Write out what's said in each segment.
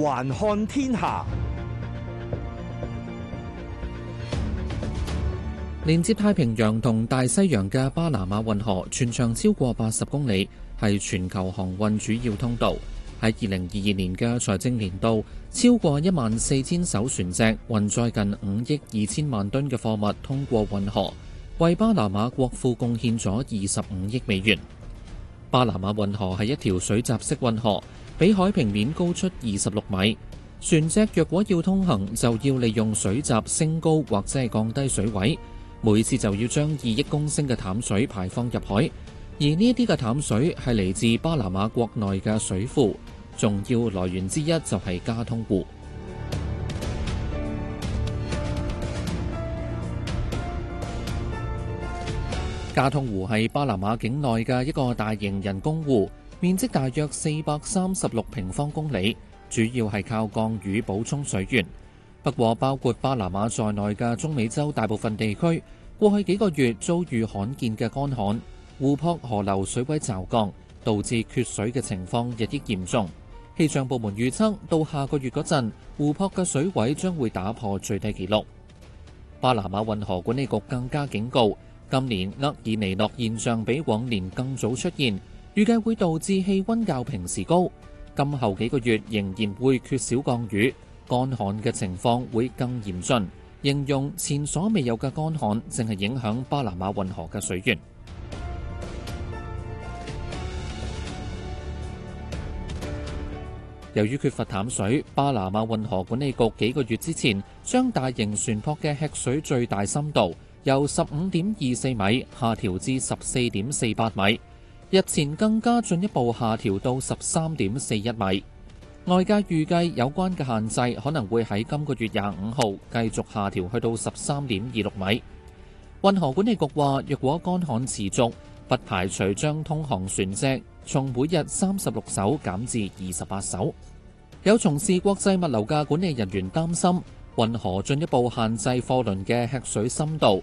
環看天下，連接太平洋同大西洋嘅巴拿馬運河全長超過八十公里，係全球航運主要通道。喺二零二二年嘅財政年度，超過一萬四千艘船隻運載近五億二千萬噸嘅貨物通過運河，為巴拿馬國庫貢獻咗二十五億美元。巴拿馬運河係一條水閘式運河。比海平面高出二十六米，船隻若果要通行，就要利用水閘升高或者係降低水位，每次就要將二億公升嘅淡水排放入海，而呢啲嘅淡水係嚟自巴拿馬國內嘅水庫，重要來源之一就係加通湖。加通湖係巴拿馬境內嘅一個大型人工湖。面積大約四百三十六平方公里，主要係靠降雨補充水源。不過，包括巴拿馬在內嘅中美洲大部分地區，過去幾個月遭遇罕見嘅乾旱，湖泊、河流水位驟降，導致缺水嘅情況日益嚴重。氣象部門預測，到下個月嗰陣，湖泊嘅水位將會打破最低紀錄。巴拿馬運河管理局更加警告，今年厄爾尼諾現象比往年更早出現，預計會導致氣温較平時高，今後幾個月仍然會缺少降雨，乾旱嘅情況會更嚴峻。形容前所未有嘅乾旱，正係影響巴拿馬運河嘅水源。由於缺乏淡水，巴拿馬運河管理局幾個月之前將大型船舶嘅吃水最大深度由十五點二四米下調至十四點四八米。日前更加進一步下調到十三點四一米，外界預計有關嘅限制可能會喺今個月廿五號繼續下調去到十三點二六米。運河管理局話，若果乾旱持續，不排除將通航船隻從每日三十六艘減至二十八艘。有從事國際物流嘅管理人員擔心，運河進一步限制貨輪嘅吃水深度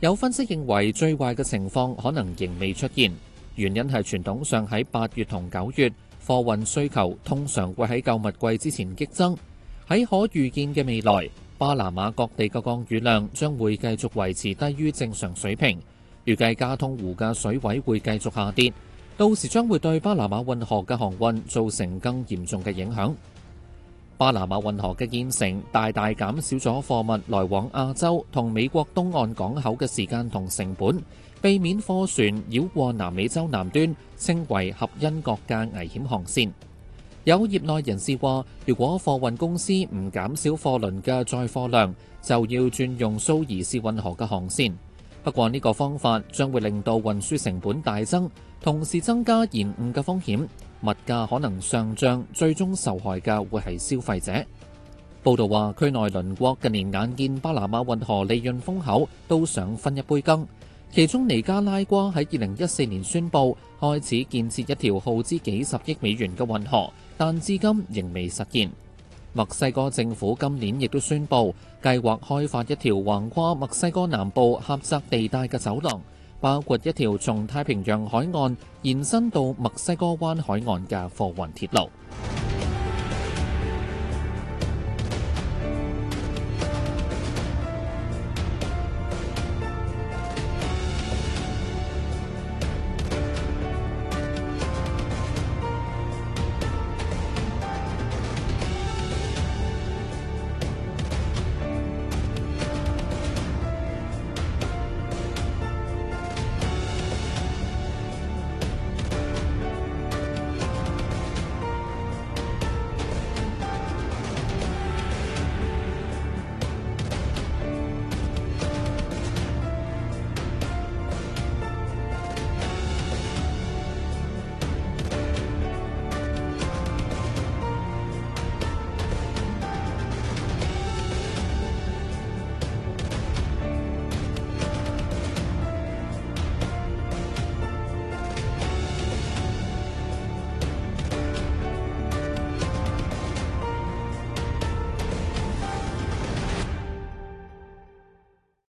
有分析認為，最壞嘅情況可能仍未出現，原因係傳統上喺八月同九月貨運需求通常會喺購物季之前激增。喺可預見嘅未來，巴拿馬各地嘅降雨量將會繼續維持低於正常水平，預計加通湖嘅水位會繼續下跌，到時將會對巴拿馬運河嘅航運造成更嚴重嘅影響。巴拿馬運河嘅建成，大大減少咗貨物來往亞洲同美國東岸港口嘅時間同成本，避免貨船繞過南美洲南端，稱為合恩角嘅危險航線。有業內人士話，如果貨運公司唔減少貨輪嘅載貨量，就要轉用蘇伊士運河嘅航線。不過呢個方法將會令到運輸成本大增，同時增加延誤嘅風險。物價可能上漲，最終受害嘅會係消費者。報道話，區內鄰國近年眼見巴拿馬運河利潤豐厚，都想分一杯羹。其中尼加拉瓜喺二零一四年宣佈開始建設一條耗資幾十億美元嘅運河，但至今仍未實現。墨西哥政府今年亦都宣佈計劃開發一條橫跨墨西哥南部狹窄地帶嘅走廊。包括一條從太平洋海岸延伸到墨西哥灣海岸嘅貨運鐵路。